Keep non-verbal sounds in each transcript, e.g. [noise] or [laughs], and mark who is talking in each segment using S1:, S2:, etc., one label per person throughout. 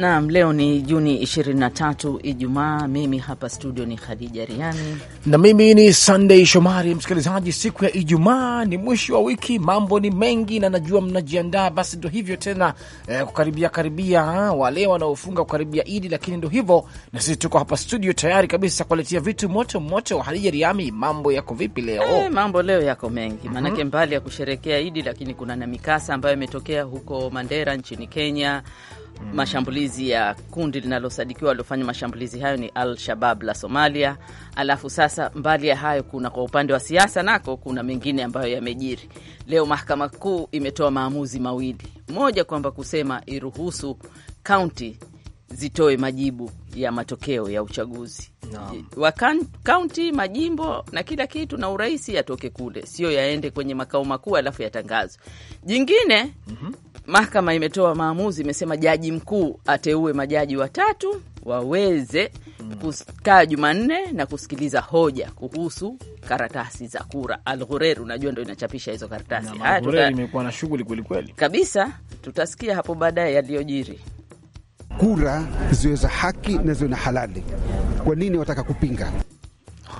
S1: Naam, leo ni Juni 23, Ijumaa. Mimi hapa studio ni Khadija Riani
S2: na mimi ni Sunday Shomari. Msikilizaji, siku ya Ijumaa ni mwisho wa wiki, mambo ni mengi na najua mnajiandaa. Basi ndo hivyo tena eh, kukaribia karibia wale wanaofunga kukaribia Idi, lakini ndo hivyo, na sisi tuko hapa studio tayari kabisa kuletia vitu moto moto. Khadija Riami, mambo yako vipi leo? Eh,
S1: mambo leo yako mengi mhm. maanake, mm -hmm. mbali ya kusherekea Idi, lakini kuna na mikasa ambayo imetokea huko Mandera nchini Kenya mm. mashambulizi ya kundi linalosadikiwa waliofanya mashambulizi hayo ni Al Shabab la Somalia. Alafu sasa, mbali ya hayo, kuna kwa upande wa siasa nako kuna mengine ambayo yamejiri leo. Mahakama Kuu imetoa maamuzi mawili, moja kwamba kusema iruhusu kaunti zitoe majibu ya matokeo ya uchaguzi no. wa kaunti, majimbo na kila kitu na urais yatoke kule, sio yaende kwenye makao makuu alafu yatangazwe jingine. mm -hmm mahakama imetoa maamuzi, imesema jaji mkuu ateue majaji watatu waweze mm. kukaa Jumanne na kusikiliza hoja kuhusu karatasi za kura. Al Ghurer unajua ndo inachapisha hizo karatasi. Haya, tuta... imekuwa na shughuli kwelikweli kabisa. Tutasikia hapo baadaye yaliyojiri.
S3: Kura ziwe za haki na ziwe na halali. Kwa nini wataka kupinga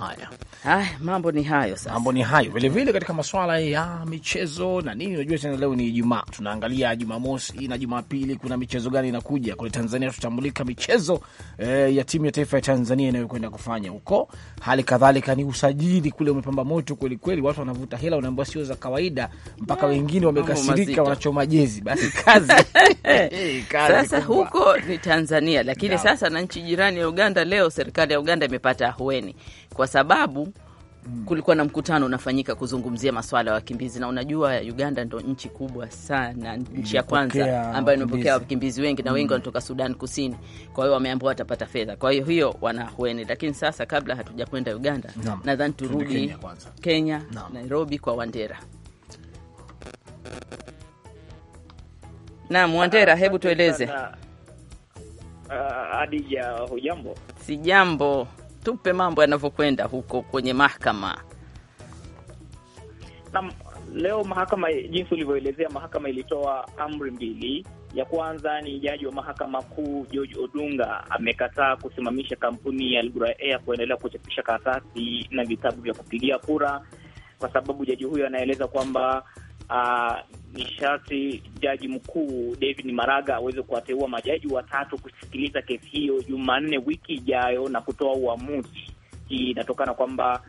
S1: haya? Ah, mambo ni hayo sasa. Mambo
S2: ni hayo vilevile, katika masuala ya michezo na nini, unajua tena leo ni Ijumaa, tunaangalia Jumamosi na Jumapili kuna michezo gani inakuja kule Tanzania. Tutambulika michezo eh, ya timu ya taifa ya Tanzania inayokwenda kufanya huko. Hali kadhalika ni usajili kule umepamba moto kweli kweli, watu wanavuta hela, unaambiwa sio za kawaida, mpaka mm, wengine wamekasirika, wanachoma jezi. Basi [laughs]
S1: kazi, [laughs] kazi sasa kumba. Huko ni Tanzania, lakini Ndabu. Sasa na nchi jirani ya Uganda, leo serikali ya Uganda imepata ahueni kwa sababu mm. kulikuwa na mkutano unafanyika kuzungumzia maswala ya wakimbizi, na unajua Uganda ndo nchi kubwa sana, nchi ya kwanza ambayo imepokea wakimbizi wengi, na wengi mm. wanatoka Sudan Kusini. Kwa hiyo wameambiwa watapata fedha, kwa hiyo hiyo wanahueni. Lakini sasa, kabla hatujakwenda Uganda, nadhani turudi Kenya, Kenya na Nairobi kwa Wandera. Naam, Wandera, hebu tueleze.
S4: Ah, Adija, hujambo?
S1: Si jambo tupe mambo yanavyokwenda huko kwenye mahakama.
S4: Naam, leo mahakama, jinsi ulivyoelezea, mahakama ilitoa amri mbili. Ya kwanza ni jaji wa mahakama kuu George Odunga amekataa kusimamisha kampuni ya Al Ghurair Air kuendelea kuchapisha karatasi na vitabu vya kupigia kura, kwa sababu jaji huyo anaeleza kwamba uh, ah, ni sharti jaji mkuu David Maraga aweze kuwateua majaji watatu kusikiliza kesi hiyo Jumanne wiki ijayo na kutoa uamuzi. Hii inatokana kwamba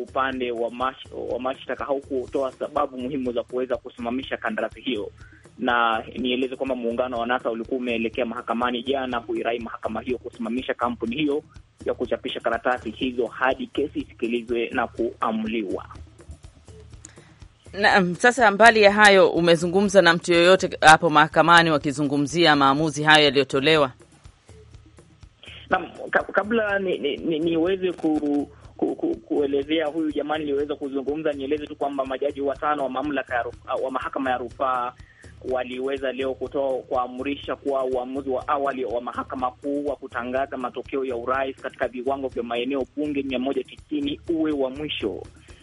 S4: upande wa mash, wa mashtaka haukutoa sababu muhimu za kuweza kusimamisha kandarasi hiyo, na nieleze kwamba muungano wa NASA ulikuwa umeelekea mahakamani jana kuirai mahakama hiyo kusimamisha kampuni hiyo ya kuchapisha karatasi hizo hadi kesi isikilizwe na kuamuliwa.
S1: Na, sasa mbali ya hayo, umezungumza na mtu yoyote hapo mahakamani wakizungumzia maamuzi hayo yaliyotolewa? Naam,
S4: kabla niweze ni, ni, ni ku, ku, ku, kuelezea huyu jamaa niliweza kuzungumza, nieleze tu kwamba majaji watano wa mamlaka ya wa mahakama ya rufaa waliweza leo kutoa kuamrisha kuwa uamuzi wa awali wa mahakama kuu wa kutangaza matokeo ya urais katika viwango vya maeneo bunge mia moja tisini uwe wa mwisho.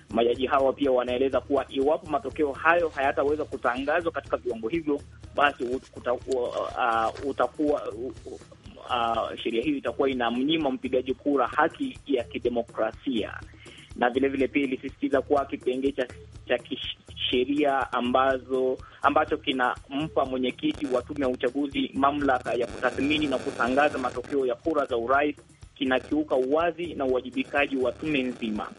S4: Majaji hawa pia wanaeleza kuwa iwapo matokeo hayo hayataweza kutangazwa katika viwango hivyo, basi utakuwa uh, utakuwa uh, uh, sheria hiyo itakuwa inamnyima mpigaji kura haki ya kidemokrasia na vilevile pia ilisisitiza kuwa kipengee cha, cha kisheria ambazo ambacho kinampa mwenyekiti wa tume ya uchaguzi mamlaka ya kutathmini na kutangaza matokeo ya kura za urais kinakiuka uwazi na uwajibikaji wa tume nzima.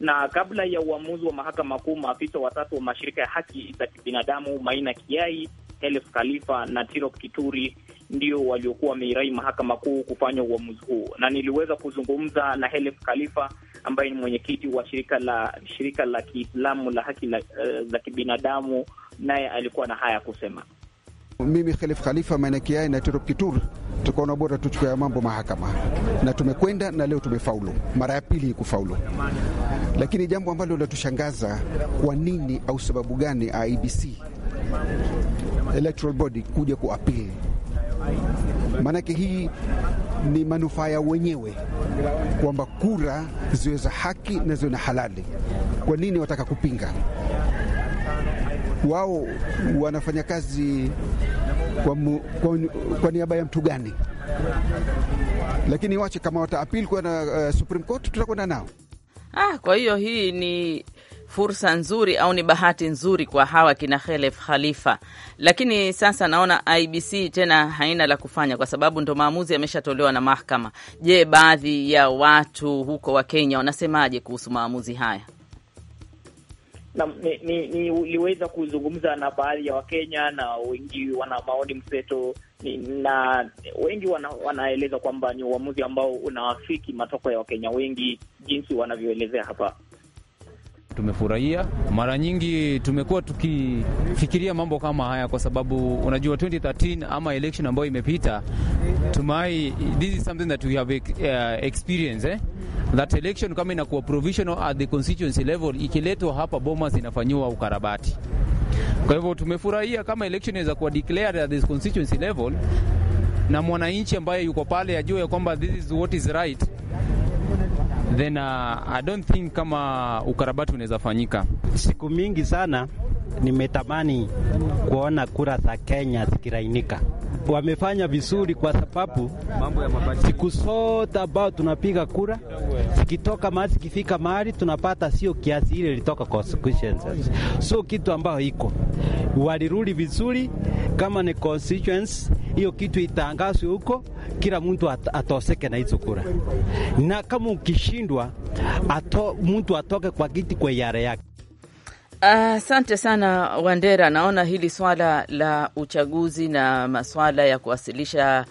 S4: Na kabla ya uamuzi wa mahakama kuu, maafisa watatu wa mashirika ya haki za kibinadamu Maina Kiai, Helef Khalifa na Tirop Kituri ndio waliokuwa wameirai mahakama kuu kufanya uamuzi huu, na niliweza kuzungumza na Helef Khalifa ambaye ni mwenyekiti wa shirika la shirika la Kiislamu la haki la, uh, za kibinadamu, naye alikuwa na haya kusema.
S3: Mimi Helef Khalifa Maina Kiai na Tirop Kituri tukaona bora tuchukue mambo mahakama, na tumekwenda na leo tumefaulu, mara ya pili kufaulu. Lakini jambo ambalo linatushangaza, kwa nini au sababu gani IBC e Electoral Body kuja kuapili? Maanake hii ni manufaa ya wenyewe kwamba kura ziwe za haki na ziwe na halali. Kwa nini wataka kupinga? wao wanafanya kazi kwa, kwa, kwa niaba ya mtu gani? Lakini wache kama wataapil na, uh, eh, Supreme Court tutakwenda nao.
S1: Ah, kwa hiyo hii ni fursa nzuri au ni bahati nzuri kwa hawa kina Khelef Khalifa, lakini sasa naona IBC tena haina la kufanya, kwa sababu ndo maamuzi yameshatolewa na mahakama. Je, baadhi ya watu huko wa Kenya wanasemaje kuhusu maamuzi haya?
S4: niliweza ni, ni kuzungumza na baadhi ya Wakenya na wengi wana maoni mseto ni, na wengi wana, wanaeleza kwamba ni uamuzi ambao unawafiki matoko ya Wakenya wengi jinsi wanavyoelezea hapa.
S5: Tumefurahia. Mara nyingi tumekuwa tukifikiria mambo kama haya, kwa sababu unajua 2013 ama election ambayo imepita tumai, this is something that we have uh, experience eh? that election kama inakuwa provisional at the constituency level, ikiletwa hapa Bomas inafanyiwa ukarabati. Kwa hivyo tumefurahia kama election inaweza kuwa declared at the constituency level, na mwananchi ambaye yuko pale ajue kwamba this is what is
S3: right then uh, I don't think kama ukarabati unaweza fanyika. Siku mingi sana nimetamani kuona kura za Kenya zikirainika. Wamefanya vizuri kwa sababu siku zote ambao tunapiga kura zikitoka mahali zikifika mahali tunapata sio kiasi ile ilitoka constituencies, so kitu ambayo iko walirudi vizuri. Kama ni constituents hiyo kitu itangazwe huko, kila mtu at atoseke na hizo kura, na kama ukishindwa ato, mtu atoke kwa kiti kwa yare yake.
S1: Asante uh, sana Wandera. Naona hili swala la uchaguzi na masuala ya kuwasilisha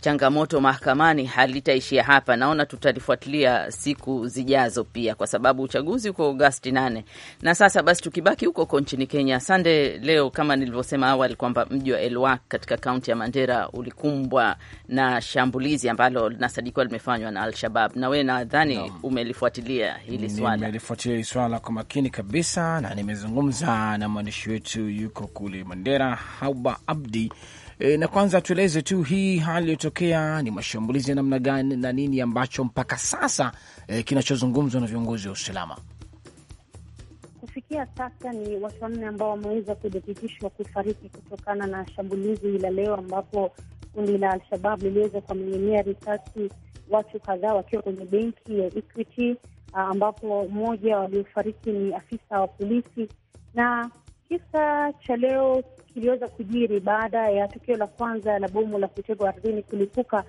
S1: changamoto mahakamani halitaishia hapa. Naona tutalifuatilia siku zijazo pia, kwa sababu uchaguzi uko Agosti nane. Na sasa basi, tukibaki huko huko nchini Kenya, Sande, leo kama nilivyosema awali kwamba mji wa Elwak katika kaunti ya Mandera ulikumbwa na shambulizi ambalo linasadikiwa limefanywa na Alshabab, na we nadhani no. umelifuatilia hili swala.
S2: Nimelifuatilia hili swala kwa makini kabisa, na nimezungumza na mwandishi wetu yuko kule Mandera, Hauba Abdi E, na kwanza tueleze tu hii hali iliyotokea ni mashambulizi ya namna gani na nini ambacho mpaka sasa e, kinachozungumzwa na viongozi wa usalama?
S6: Kufikia sasa ni watu wanne ambao wameweza kudhibitishwa kufariki kutokana na shambulizi la leo, ambapo kundi la Alshabab liliweza kuwamiminia risasi watu kadhaa wakiwa kwenye benki ya Equity, ambapo mmoja waliofariki ni afisa wa polisi na Kisa cha leo kiliweza kujiri baada ya tukio la kwanza la bomu la kutegwa ardhini kulipuka,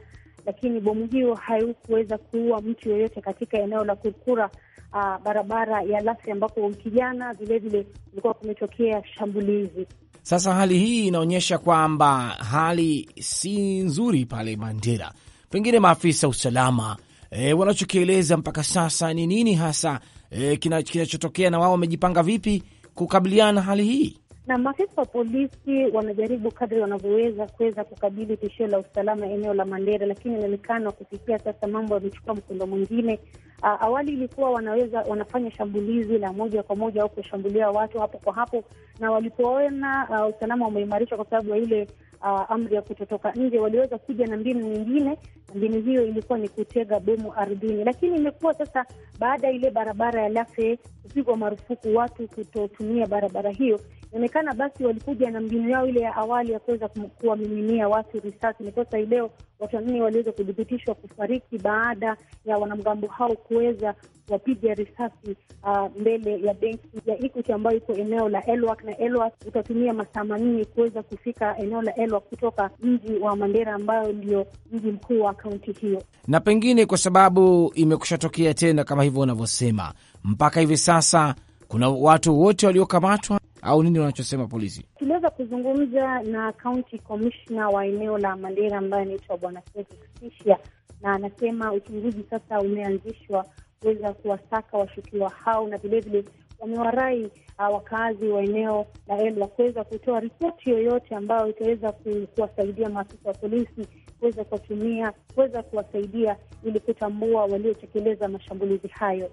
S6: lakini bomu hiyo haikuweza kuua mtu yeyote katika eneo la Kurkura, uh, barabara ya Lasi ambapo wiki jana vilevile kulikuwa kumetokea shambulizi.
S2: Sasa hali hii inaonyesha kwamba hali si nzuri pale Mandera. Pengine maafisa usalama e, wanachokieleza mpaka sasa ni nini hasa e, kinachotokea, kina na wao wamejipanga vipi kukabiliana na hali hii?
S6: Na maafisa wa polisi wanajaribu kadri wanavyoweza kuweza kukabili tishio la usalama eneo la Mandera, lakini inaonekana kufikia sasa mambo yamechukua mkondo mwingine. Uh, awali ilikuwa wanaweza wanafanya shambulizi la moja kwa moja au kushambulia watu hapo kwa hapo, na walipoona uh, usalama umeimarishwa kwa sababu ya ile uh, amri ya kutotoka nje, waliweza kuja na mbinu nyingine. Mbinu hiyo ilikuwa ni kutega bomu ardhini, lakini imekuwa sasa, baada ya ile barabara ya Lafe kupigwa marufuku, watu kutotumia barabara hiyo, Inaonekana basi walikuja na mbinu yao ile ya awali ya kuweza kuwamiminia watu risasi, ndiposa hii leo watu wanne waliweza kudhibitishwa kufariki baada ya wanamgambo hao kuweza kuwapiga risasi uh, mbele ya benki ya Equity ambayo iko eneo la Elwak, na Elwak utatumia masaa manne kuweza kufika eneo la Elwak kutoka mji wa Mandera ambayo ndio mji mkuu wa kaunti hiyo,
S2: na pengine kwa sababu tokea tena kama hivyo unavyosema, mpaka hivi sasa kuna watu wote waliokamatwa au nini wanachosema polisi?
S6: Tuliweza kuzungumza na kaunti komishna wa eneo la Mandera ambaye anaitwa Bwana Sia, na anasema uchunguzi sasa umeanzishwa kuweza kuwasaka washukiwa hao, na vilevile wamewarai uh, wakazi wa eneo la Elwa kuweza kutoa ripoti yoyote ambayo itaweza kuwasaidia maafisa wa polisi kuweza kuwatumia kuweza kuwasaidia ili kutambua waliotekeleza mashambulizi hayo.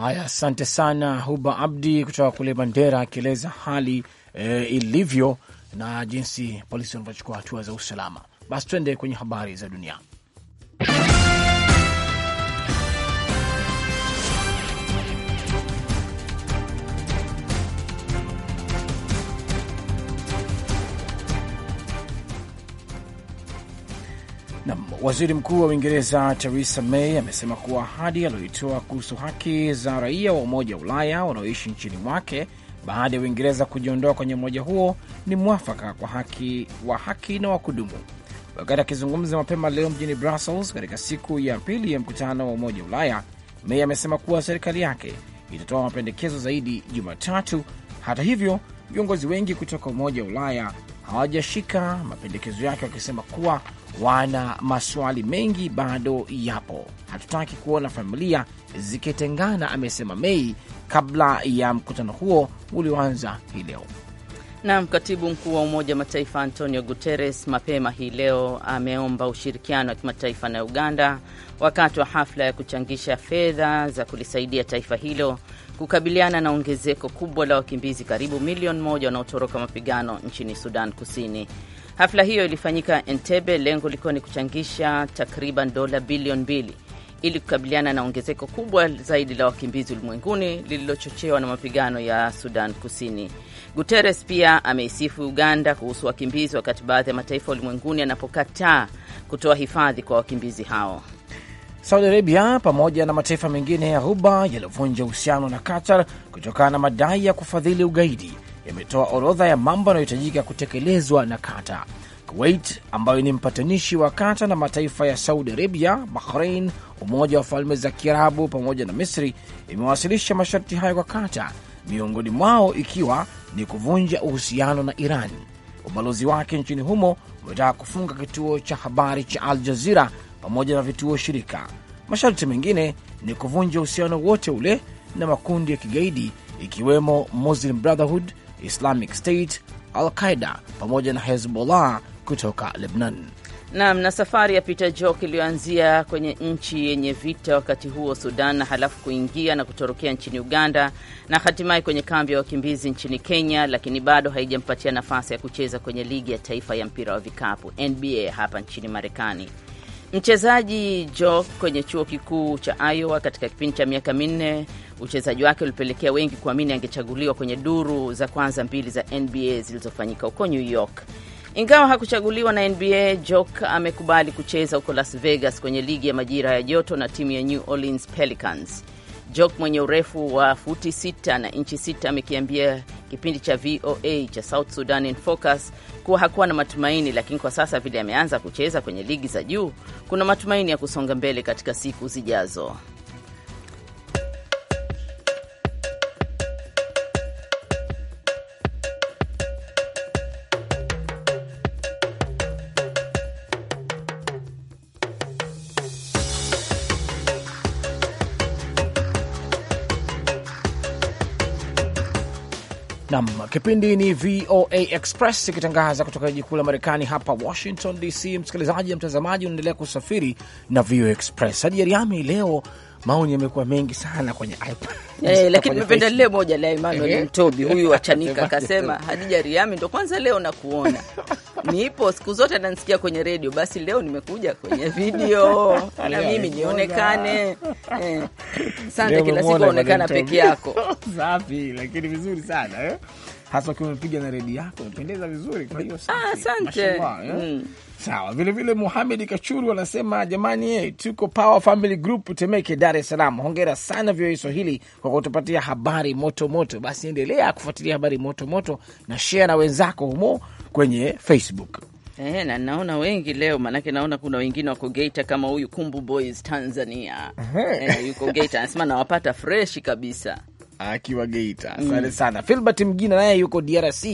S2: Haya, asante sana Huba Abdi kutoka kule Mandera akieleza hali e, ilivyo na jinsi polisi wanavyochukua hatua za usalama. Basi tuende kwenye habari za dunia. Na waziri mkuu wa Uingereza Theresa May amesema kuwa ahadi aliyoitoa kuhusu haki za raia wa Umoja wa Ulaya wanaoishi nchini mwake baada ya Uingereza kujiondoa kwenye umoja huo ni mwafaka kwa haki wa haki na wa kudumu. Wakati akizungumza mapema leo mjini Brussels katika siku ya pili ya mkutano wa Umoja wa Ulaya, May amesema kuwa serikali yake itatoa mapendekezo zaidi Jumatatu. Hata hivyo, viongozi wengi kutoka Umoja wa Ulaya hawajashika mapendekezo yake wakisema kuwa wana maswali mengi bado yapo. Hatutaki kuona familia zikitengana, amesema Mei kabla ya mkutano huo ulioanza hii leo.
S1: Naam, katibu mkuu wa Umoja wa Mataifa Antonio Guterres mapema hii leo ameomba ushirikiano wa kimataifa na Uganda wakati wa hafla ya kuchangisha fedha za kulisaidia taifa hilo kukabiliana na ongezeko kubwa la wakimbizi karibu milioni moja wanaotoroka mapigano nchini Sudan Kusini. Hafla hiyo ilifanyika Entebbe, lengo likiwa ni kuchangisha takriban dola bilioni mbili ili kukabiliana na ongezeko kubwa zaidi la wakimbizi ulimwenguni lililochochewa na mapigano ya Sudan Kusini. Guterres pia ameisifu Uganda kuhusu wakimbizi, wakati baadhi ya mataifa ulimwenguni yanapokataa kutoa hifadhi kwa wakimbizi hao.
S2: Saudi Arabia pamoja na mataifa mengine ya Ghuba yaliyovunja uhusiano na Qatar kutokana na madai ya kufadhili ugaidi yametoa orodha ya mambo yanayohitajika kutekelezwa na kata. Kuwait ambayo ni mpatanishi wa kata na mataifa ya Saudi Arabia, Bahrain, Umoja wa Falme za Kiarabu pamoja na Misri imewasilisha masharti hayo kwa kata, miongoni mwao ikiwa ni kuvunja uhusiano na Iran. Ubalozi wake nchini humo umetaka kufunga kituo cha habari cha Al Jazira pamoja na vituo shirika. Masharti mengine ni kuvunja uhusiano wote ule na makundi ya kigaidi ikiwemo Muslim Brotherhood, Islamic State, Al Qaida pamoja na Hezbollah kutoka Lebanon.
S1: Nam na safari ya Peter Jok iliyoanzia kwenye nchi yenye vita wakati huo Sudan, na halafu kuingia na kutorokea nchini Uganda na hatimaye kwenye kambi ya wakimbizi nchini Kenya, lakini bado haijampatia nafasi ya kucheza kwenye ligi ya taifa ya mpira wa vikapu NBA hapa nchini Marekani. Mchezaji jok kwenye chuo kikuu cha Iowa katika kipindi cha miaka minne, uchezaji wake ulipelekea wengi kuamini angechaguliwa kwenye duru za kwanza mbili za NBA zilizofanyika huko New York. Ingawa hakuchaguliwa na NBA, jok amekubali kucheza huko Las Vegas kwenye ligi ya majira ya joto na timu ya New Orleans Pelicans. Jok mwenye urefu wa futi sita na inchi sita amekiambia kipindi cha VOA cha South Sudan in Focus kuwa hakuwa na matumaini, lakini kwa sasa vile ameanza kucheza kwenye ligi za juu, kuna matumaini ya kusonga mbele katika siku zijazo.
S2: Kipindi ni VOA Express ikitangaza kutoka jiji kuu la Marekani hapa Washington DC. Msikilizaji na mtazamaji, unaendelea kusafiri na VOA Express hadi Jeriami. Leo maoni yamekuwa mengi sana kwenye iPad Hey, eh, lakini nimependa lile
S1: moja la Emmanuel Mtobi huyu wachanika akasema, Hadija Riami, ndo kwanza leo nakuona [laughs] nipo, siku zote nansikia kwenye redio, basi leo nimekuja kwenye video [laughs] na mimi nionekane. Eh, sante, kila siku aonekana peke yako. [laughs]
S2: Safi, lakini vizuri sana eh? hasa ukiwa umepiga na redi yako imependeza vizuri. Kwa hiyo ah, asante. Eh? Mm. Sawa, vilevile Muhamed Kachuru anasema jamani, ye, eh, tuko Power Family Group Temeke, Dar es Salaam. Hongera sana VOA Swahili kwa kutupatia habari moto moto. Basi endelea kufuatilia habari moto moto na share na wenzako humo kwenye Facebook.
S1: Eh, na naona wengi leo, maanake naona kuna wengine wako Geita kama huyu Kumbu Boys Tanzania. Eh, yuko Geita anasema nawapata freshi kabisa akiwa Geita. Mm. Asante mm. sana. Filbert Mgina naye yuko DRC,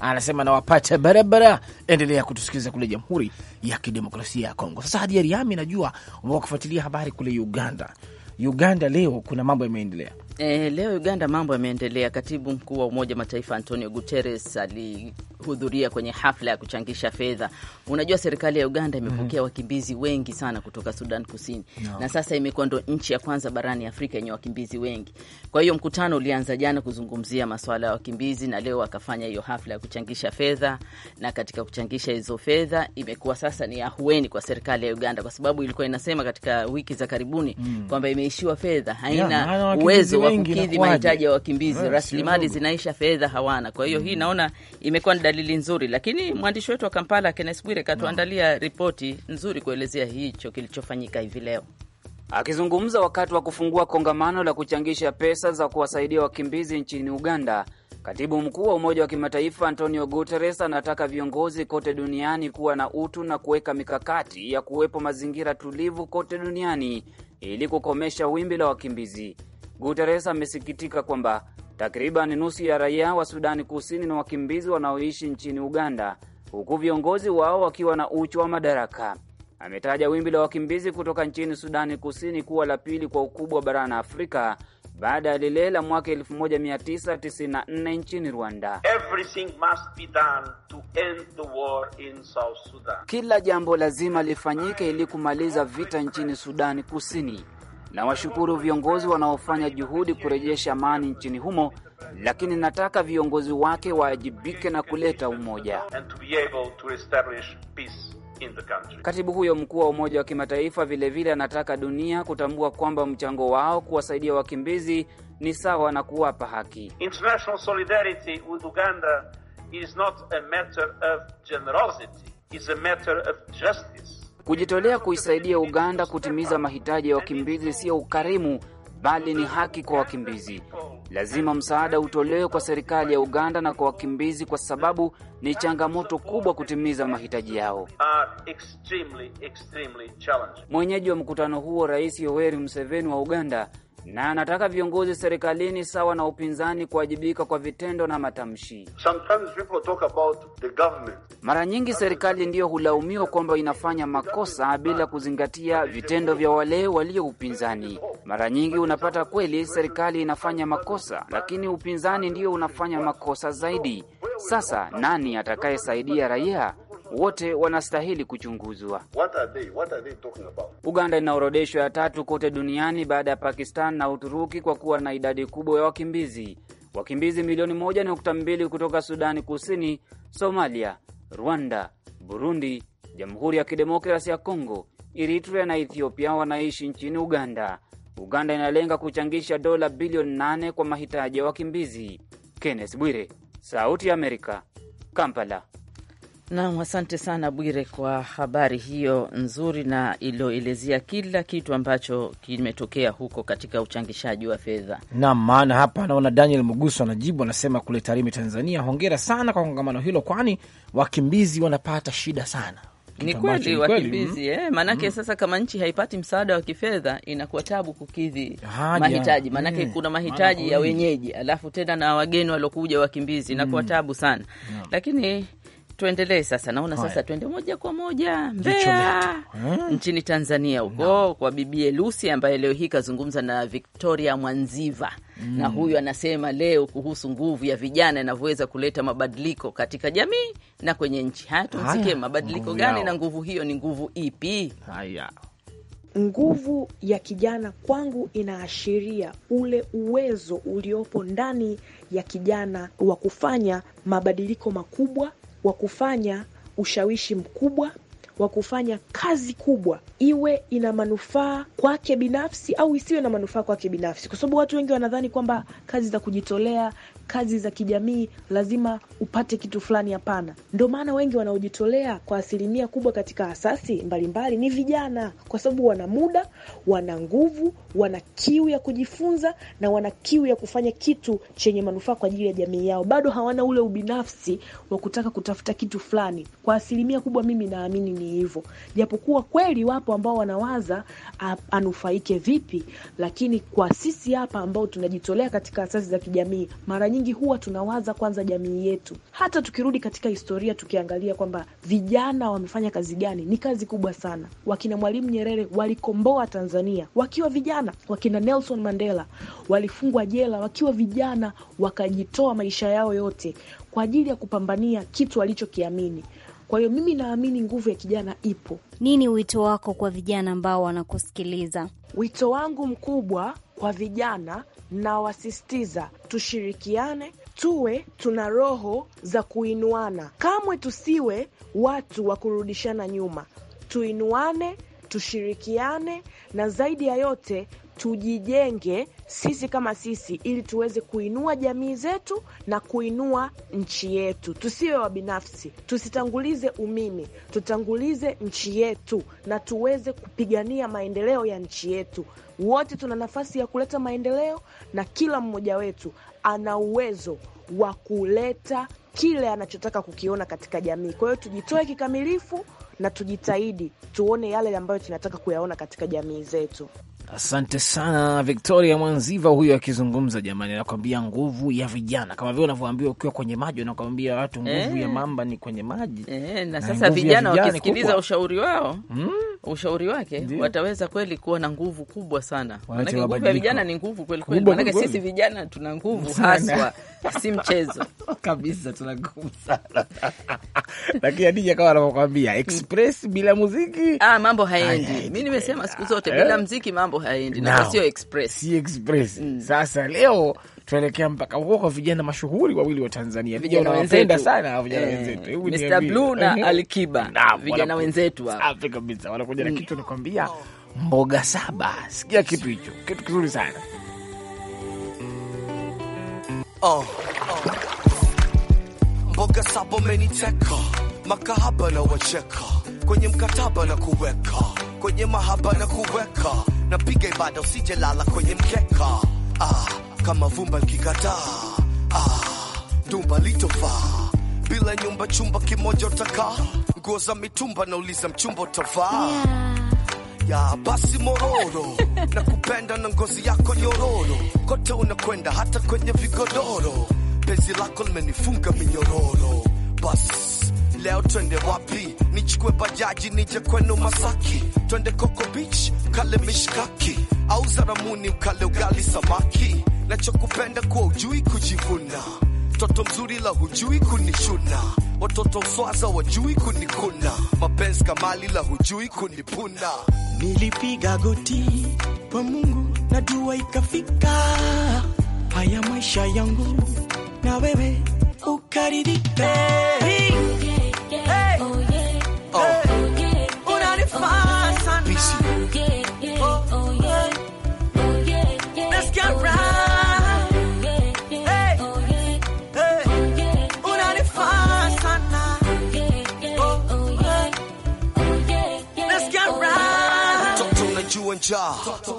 S1: anasema nawapata barabara.
S2: Endelea kutusikiliza kule Jamhuri ya Kidemokrasia ya Kongo. Sasa hadi Ariami, najua umekuwa habari kule Uganda. Uganda leo kuna mambo yameendelea
S1: Eh, leo Uganda mambo yameendelea. Katibu mkuu wa Umoja wa Mataifa Antonio Guterres alihudhuria kwenye hafla ya kuchangisha fedha. Unajua, serikali ya Uganda imepokea mm -hmm. wakimbizi wengi sana kutoka Sudan Kusini no. na sasa imekuwa ndo nchi ya kwanza barani Afrika yenye wakimbizi wengi. Kwa hiyo mkutano ulianza jana kuzungumzia masuala ya wakimbizi, na leo wakafanya hiyo hafla ya kuchangisha fedha, na katika kuchangisha hizo fedha imekuwa sasa ni ahueni kwa serikali ya Uganda, kwa sababu ilikuwa inasema katika wiki za karibuni mm. kwamba imeishiwa fedha, haina yeah, uwezo wa kukidhi mahitaji ya wakimbizi yeah, rasilimali zinaisha, fedha hawana. Kwa hiyo mm, hii naona imekuwa ni dalili nzuri, lakini mwandishi wetu wa Kampala Kenneth Bwire katuandalia no, ripoti nzuri kuelezea hicho kilichofanyika hivi leo.
S7: Akizungumza wakati wa kufungua kongamano la kuchangisha pesa za kuwasaidia wakimbizi nchini Uganda, Katibu mkuu wa Umoja wa Kimataifa Antonio Guterres anataka viongozi kote duniani kuwa na utu na kuweka mikakati ya kuwepo mazingira tulivu kote duniani ili kukomesha wimbi la wakimbizi guteres amesikitika kwamba takriban nusu ya raia wa Sudani Kusini na wakimbizi wanaoishi nchini Uganda, huku viongozi wao wakiwa na uchu wa madaraka. Ametaja wimbi la wakimbizi kutoka nchini Sudani Kusini kuwa la pili kwa ukubwa barani Afrika baada ya lile la mwaka 1994 nchini Rwanda. Kila jambo lazima lifanyike ili kumaliza vita nchini Sudani Kusini na washukuru viongozi wanaofanya juhudi kurejesha amani nchini humo, lakini nataka viongozi wake waajibike na kuleta umoja. Katibu huyo mkuu wa Umoja wa Kimataifa vilevile anataka dunia kutambua kwamba mchango wao kuwasaidia wakimbizi ni sawa na kuwapa haki.
S5: International solidarity with Uganda is not a matter of generosity, a matter of justice.
S7: Kujitolea kuisaidia Uganda kutimiza mahitaji ya wakimbizi sio ukarimu, bali ni haki kwa wakimbizi. Lazima msaada utolewe kwa serikali ya Uganda na kwa wakimbizi, kwa sababu ni changamoto kubwa kutimiza mahitaji yao. Mwenyeji wa mkutano huo, Rais Yoweri Museveni wa Uganda na anataka viongozi serikalini sawa na upinzani kuwajibika kwa vitendo na matamshi. Mara nyingi serikali ndiyo hulaumiwa kwamba inafanya makosa bila kuzingatia vitendo vya wale walio upinzani. Mara nyingi unapata kweli serikali inafanya makosa, lakini upinzani ndiyo unafanya makosa zaidi. Sasa nani atakayesaidia raia? wote wanastahili kuchunguzwa. Uganda inaorodeshwa ya tatu kote duniani baada ya Pakistan na Uturuki kwa kuwa na idadi kubwa ya wakimbizi. Wakimbizi milioni moja nukta mbili kutoka Sudani Kusini, Somalia, Rwanda, Burundi, Jamhuri ya Kidemokrasi ya Kongo, Eritrea na Ethiopia wanaishi nchini Uganda. Uganda inalenga kuchangisha dola bilioni 8 kwa mahitaji ya wakimbizi. Kenneth Bwire, Sauti ya Amerika, Kampala.
S1: Nam, asante sana Bwire kwa habari hiyo nzuri na iliyoelezea kila kitu ambacho kimetokea huko katika uchangishaji wa fedha.
S2: Nam, maana hapa anaona Daniel Muguso anajibu, anasema kule Tarime, Tanzania, hongera sana kwa kongamano hilo, kwani wakimbizi wanapata shida sana. Ni kweli wakimbizi,
S1: eh, mm-hmm. maanake mm. Sasa kama nchi haipati msaada wa kifedha inakuwa tabu kukidhi mahitaji, maanake mm. Kuna mahitaji ya wenyeji alafu tena na wageni waliokuja wakimbizi, inakuwa mm. tabu sana yeah. Lakini tuendelee sasa, naona sasa tuende moja kwa moja Mbeya eh? nchini Tanzania huko no. kwa Bibie Lucy ambaye leo hii kazungumza na Victoria Mwanziva hmm, na mm. huyu anasema leo kuhusu nguvu ya vijana inavyoweza kuleta mabadiliko katika jamii na kwenye nchi. Haya, tumsikie mabadiliko gani na nguvu hiyo ni nguvu ipi? Haya.
S8: Nguvu
S9: ya kijana kwangu inaashiria ule uwezo uliopo ndani ya kijana wa kufanya mabadiliko makubwa wa kufanya ushawishi mkubwa wa kufanya kazi kubwa iwe ina manufaa kwake binafsi au isiwe na manufaa kwake binafsi, kwa sababu watu wengi wanadhani kwamba kazi za kujitolea kazi za kijamii lazima upate kitu fulani. Hapana, ndio maana wengi wanaojitolea kwa asilimia kubwa katika asasi mbalimbali mbali ni vijana, kwa sababu wana muda, wana nguvu, wana kiu ya kujifunza na wana kiu ya kufanya kitu chenye manufaa kwa ajili ya jamii yao. Bado hawana ule ubinafsi wa kutaka kutafuta kitu fulani. Kwa asilimia kubwa, mimi naamini ni hivyo, japokuwa kweli wapo ambao wanawaza anufaike vipi, lakini kwa sisi hapa ambao tunajitolea katika asasi za kijamii mara nyingi nyingi huwa tunawaza kwanza jamii yetu. Hata tukirudi katika historia tukiangalia kwamba vijana wamefanya kazi gani, ni kazi kubwa sana. Wakina Mwalimu Nyerere walikomboa Tanzania wakiwa vijana, wakina Nelson Mandela walifungwa jela wakiwa vijana, wakajitoa maisha yao yote kwa ajili ya kupambania kitu walichokiamini. Kwa hiyo mimi naamini nguvu ya kijana ipo.
S7: Nini wito wako kwa vijana ambao wanakusikiliza?
S9: Wito wangu mkubwa kwa vijana na tushirikiane, tuwe tuna roho za kuinuana, kamwe tusiwe watu wa kurudishana nyuma. Tuinuane, tushirikiane, na zaidi ya yote tujijenge sisi kama sisi, ili tuweze kuinua jamii zetu na kuinua nchi yetu. Tusiwe wabinafsi, tusitangulize umimi, tutangulize nchi yetu na tuweze kupigania maendeleo ya nchi yetu. Wote tuna nafasi ya kuleta maendeleo na kila mmoja wetu ana uwezo wa kuleta kile anachotaka kukiona katika jamii. Kwa hiyo tujitoe kikamilifu na tujitahidi tuone yale ambayo tunataka kuyaona katika jamii zetu.
S2: Asante sana Victoria Mwanziva, huyo akizungumza. Jamani, anakwambia nguvu ya vijana, kama vile unavyoambiwa ukiwa kwenye maji, unakwambia watu nguvu e, ya eh. mamba ni kwenye maji
S1: e, na, na sasa vijana, vijana wakisikiliza ushauri wao mm, ushauri wake Ndiyo. Wataweza kweli kuwa na nguvu kubwa sana, manake nguvu ya vijana ni nguvu kweli kweli, manake sisi vijana tuna nguvu haswa, si mchezo [laughs] kabisa, tuna nguvu sana [laughs] lakini Adija kawa anavyokwambia express bila muziki ah, mambo haendi. Mi nimesema siku zote bila eh? mziki mambo haendi, na sio express, si express. Mm. Sasa leo tunaelekea mpaka huko kwa
S2: vijana mashuhuri wawili wa Tanzania, vijana wanapenda sana vijana eh, wenzetu, Mr Blue na Alikiba, vijana wenzetu safi kabisa, wanakuja na mm. kitu nakwambia, mboga saba.
S10: Sikia kitu hicho, kitu kizuri sana oh, oh. Mboga saba umeniteka, makahaba na wacheka, kwenye mkataba na kuweka, kwenye mahaba na kuweka, napiga ibada usijelala kwenye mkeka ah kama vumba likikataa, ah, dumba litofaa bila nyumba, chumba kimoja utakaa, nguo za mitumba, nauliza mchumba utavaa Ya basi mororo [laughs] na kupenda na ngozi yako nyororo, kote unakwenda hata kwenye vigodoro, penzi lako limenifunga minyororo. bas leo twende wapi? Nichukue bajaji nije kwenu Masaki, twende Coco Beach, kale mishkaki au Zaramuni, ukale ugali samaki nachokupenda kuwa ujui kujivuna, mtoto mzuri la hujui kunishuna, watoto swaza wajui kunikuna, mapenzi kamali la hujui kunipunda. Nilipiga goti kwa Mungu na dua ikafika, haya maisha yangu na wewe ukaridhika.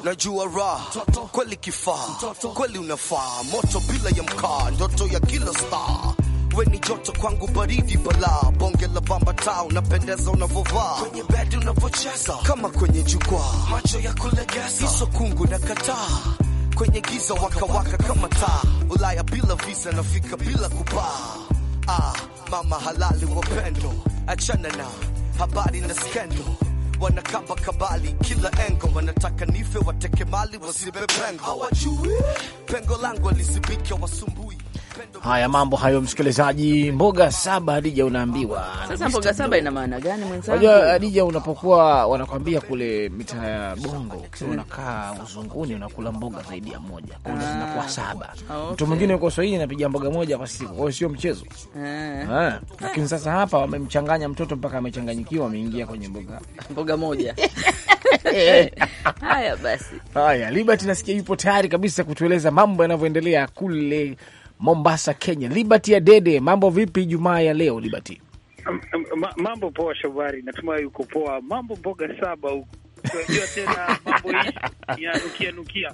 S10: najua raha kweli kifaa kweli unafaa moto bila ya mkaa ndoto ya kila star we ni joto kwangu baridi balaa bonge la bamba taa unapendeza unavovaa kwenye bedi unavocheza kama kwenye jukwaa macho ya kulegeza iso kungu na kataa kwenye giza wakawaka waka kama taa Ulaya bila visa nafika bila kupaa ah, mama halali wapendo achana na habari na skendo wanakaba kabali kila engo, wanataka nife wateke mali wasipe pengo, hawajui pengo langu alizibike wasumbu
S2: Haya mambo hayo, msikilizaji, mboga saba Hadija unaambiwa. Sasa
S10: mboga saba ina
S1: maana gani mwenzangu? Unajua
S2: Adija, unapokuwa wanakwambia kule mitaa ya Bongo ukiwa unakaa uzunguni unakula mboga zaidi ya moja, kwa hiyo zinakuwa ah, saba. Mtu mwingine yuko Swahili anapiga mboga moja kwa siku, kwa hiyo sio mchezo.
S1: Eh. Eh.
S2: Lakini sasa hapa wamemchanganya mtoto mpaka amechanganyikiwa, ameingia kwenye mboga mboga moja.
S1: [laughs] Haya basi.
S2: Haya, Liberty nasikia yupo tayari kabisa kutueleza mambo yanavyoendelea kule Mombasa, Kenya. Liberty Adede, mambo vipi jumaa ya leo Liberty?
S5: Mambo poa, Shobari, natumai uko poa. Mambo mboga saba huko unajua tena mambo hii yanukia [laughs] nukia.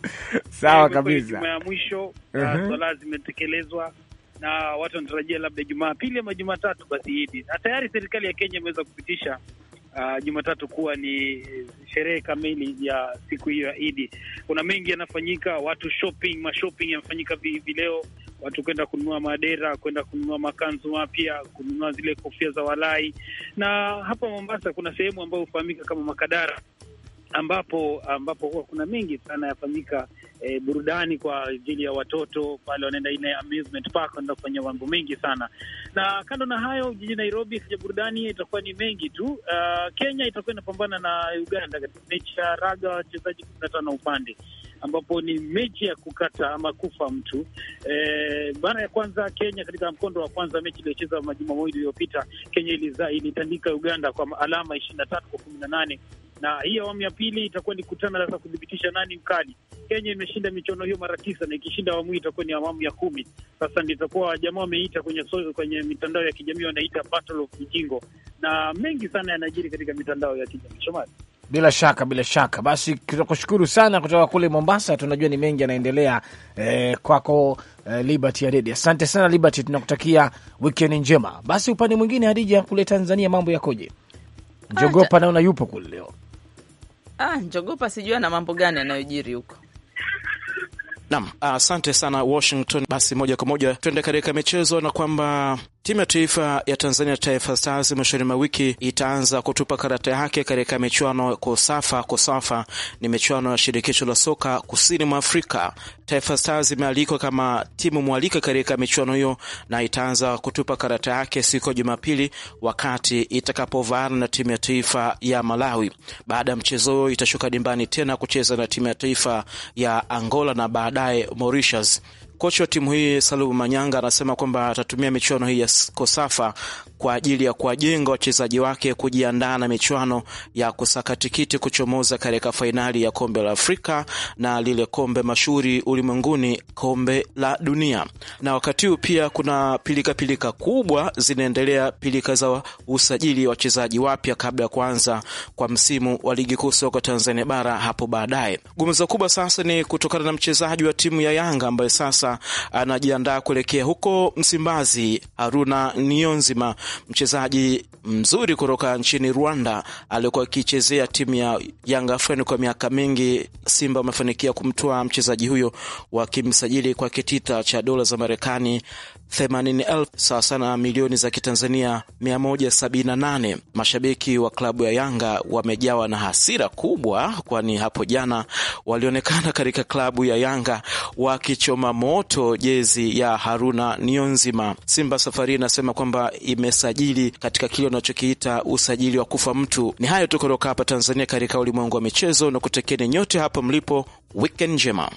S2: Sawa kabisa. ya
S5: mwisho uh, uh-huh. swala zimetekelezwa na watu wanatarajia labda Jumapili ama Jumatatu basi hidi, na tayari serikali ya Kenya imeweza kupitisha Uh, Jumatatu kuwa ni sherehe kamili ya siku hiyo ya Idi. Kuna mengi yanafanyika, watu shopping, mashopping yanafanyika vileo vi watu kwenda kununua madera, kwenda kununua makanzu mapya, kununua zile kofia za walai. Na hapa Mombasa kuna sehemu ambayo hufahamika kama Makadara ambapo ambapo huwa kuna mengi sana yafanyika, E, burudani kwa ajili ya watoto pale, wanaenda ile amusement park, wanaenda kufanyia mambo mengi sana. Na kando na hayo, jijini Nairobi ya burudani itakuwa ni mengi tu. Uh, Kenya itakuwa inapambana na Uganda katika mechi ya raga wachezaji kumi na tano upande ambapo ni mechi ya kukata ama kufa mtu. E, mara ya kwanza Kenya katika mkondo wa kwanza mechi iliyocheza majuma mawili iliyopita, Kenya iliza ilitandika Uganda kwa alama ishirini na tatu kwa kumi na nane na hii awamu ya pili itakuwa ni kutana sasa kudhibitisha nani mkali. Kenya imeshinda michuano hiyo mara tisa, na ikishinda awamu hii itakuwa ni awamu ya kumi. Sasa ndio itakuwa jamaa wameita kwenye kwenye mitandao ya kijamii wanaita battle of vijingo, na mengi sana yanajiri katika mitandao ya kijamii Shomali.
S2: Bila shaka bila shaka, basi tunakushukuru sana kutoka kule Mombasa. Tunajua ni mengi yanaendelea eh, kwako eh, Liberty Adede. Asante sana Liberty, tunakutakia weekend njema. Basi upande mwingine, Hadija, kule Tanzania mambo yakoje?
S1: Njogopa
S11: naona yupo kule leo.
S1: Ah, Njogopa sijua na mambo gani yanayojiri huko.
S11: Naam, asante sana Washington. Basi moja kwa moja tuende katika michezo na kwamba Timu ya taifa ya Tanzania, Taifa Stars, mwishoni mwa wiki itaanza kutupa karata yake katika michuano ya Kosafa. Kosafa ni michuano ya shirikisho la soka kusini mwa Afrika. Taifa Stars imealikwa kama timu mwalika katika michuano hiyo na itaanza kutupa karata yake siku ya Jumapili wakati itakapovaana na timu ya taifa ya Malawi. Baada ya mchezo huo, itashuka dimbani tena kucheza na timu ya taifa ya Angola na baadaye Mauritius. Kocha wa timu hii Salum Manyanga anasema kwamba atatumia michuano hii ya Kosafa kwa ajili ya kuwajenga wachezaji wake kujiandaa na michuano ya kusaka tikiti kuchomoza katika fainali ya kombe la Afrika na lile kombe mashuhuri ulimwenguni, kombe la dunia. Na wakati huu pia kuna pilikapilika pilika kubwa zinaendelea, pilika za usajili wachezaji wapya kabla ya kuanza kwa msimu wa ligi kuu soka Tanzania bara hapo baadaye. Gumzo kubwa sasa ni kutokana na mchezaji wa timu ya Yanga ambaye sasa anajiandaa kuelekea huko Msimbazi, Haruna Nionzima mchezaji mzuri kutoka nchini Rwanda aliyekuwa akichezea timu ya Young Africans kwa miaka mingi. Simba wamefanikia kumtoa mchezaji huyo wakimsajili kwa kitita cha dola za Marekani 80,000 na milioni za Kitanzania 178. Mashabiki wa klabu ya Yanga wamejawa na hasira kubwa, kwani hapo jana walionekana katika klabu ya Yanga wakichoma moto jezi ya Haruna Nionzima. Simba safari inasema kwamba imesajili katika kile unachokiita usajili wa kufa mtu. Ni hayo tu kutoka hapa Tanzania katika ulimwengu wa michezo, na kutekeni nyote hapa
S8: mlipo, wikendi njema.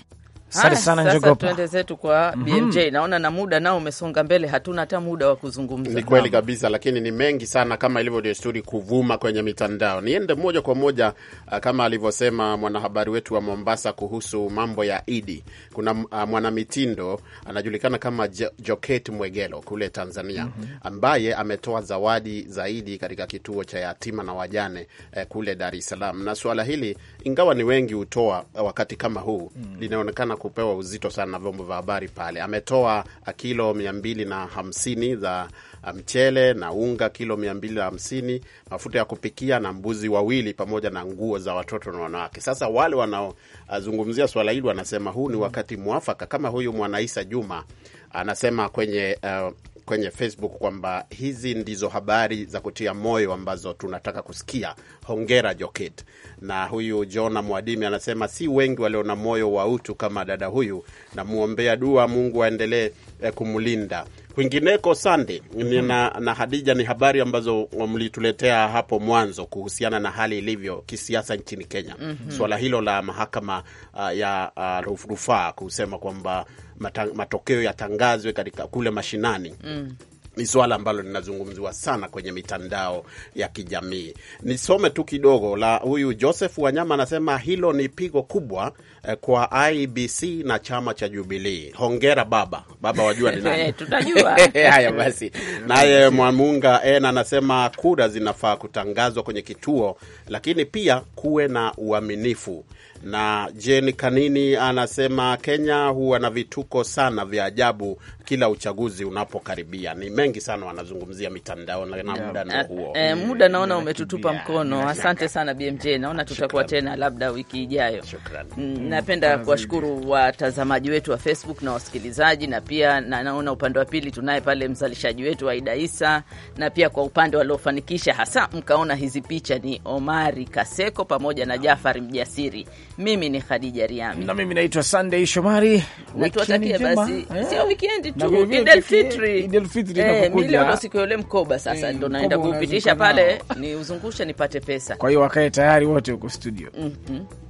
S8: Asante sana Njogopa. Tuende
S1: zetu kwa mhm. BMJ. Mm -hmm. Naona na muda nao umesonga mbele, hatuna hata muda wa kuzungumza. Ni kweli
S8: kabisa, lakini ni mengi sana kama ilivyo desturi kuvuma kwenye mitandao. Niende moja kwa moja uh, kama alivyosema mwanahabari wetu wa Mombasa kuhusu mambo ya Idi. Kuna uh, mwanamitindo anajulikana kama Joket Mwegelo kule Tanzania mm -hmm. ambaye ametoa zawadi zaidi katika kituo cha yatima na wajane eh, kule Dar es Salaam, na suala hili ingawa ni wengi hutoa wakati kama huu mm -hmm. linaonekana kupewa uzito sana na vyombo vya habari pale. Ametoa kilo mia mbili na hamsini za uh, mchele na unga kilo mia mbili na hamsini mafuta ya kupikia na mbuzi wawili pamoja na nguo za watoto na wanawake. Sasa wale wanaozungumzia swala hili wanasema huu ni wakati mwafaka, kama huyu Mwanaisa Juma anasema kwenye uh, kwenye Facebook kwamba hizi ndizo habari za kutia moyo ambazo tunataka kusikia. Hongera Joket. Na huyu Jona Mwadimi anasema si wengi waliona moyo wa utu kama dada huyu, namwombea dua, Mungu aendelee eh, kumlinda. Kwingineko sande na, na Hadija, ni habari ambazo mlituletea hapo mwanzo kuhusiana na hali ilivyo kisiasa nchini Kenya. mm -hmm. Suala hilo la mahakama uh, ya uh, rufaa kusema kwamba matokeo yatangazwe katika kule mashinani mm. Ni swala ambalo linazungumziwa sana kwenye mitandao ya kijamii. Nisome tu kidogo la huyu Joseph Wanyama, anasema hilo ni pigo kubwa Eh, kwa IBC na chama cha jubilii Hongera baba, baba wajua ni nani? [laughs] Tutajua [laughs] haya basi. Naye Mwamunga en anasema kura zinafaa kutangazwa kwenye kituo, lakini pia kuwe na uaminifu. Na Jane Kanini anasema Kenya huwa na vituko sana vya ajabu kila uchaguzi unapokaribia. Ni mengi sana wanazungumzia mitandaoni na muda na eh, huo. E, muda
S1: naona umetutupa mkono. Asante sana BMJ, naona tutakuwa tena labda wiki ijayo. Shukrani. Mm. Mm, Napenda kuwashukuru watazamaji wetu wa Facebook na wasikilizaji, na pia naona upande wa pili tunaye pale mzalishaji wetu Aida Isa, na pia kwa upande waliofanikisha hasa mkaona hizi picha ni Omari Kaseko pamoja na Jafari Mjasiri. Mimi ni Khadija Riami na mimi naitwa Sunday
S2: Shomari. Natuwatakia basi, eh? sio
S1: wikendi tu, Idelfitri eh, ndo siku mkoba sasa eh, ndo naenda kuupitisha pale, ni uzungushe nipate pesa. Kwa hiyo
S2: wakae tayari wote huko studio.
S1: mm
S6: -hmm.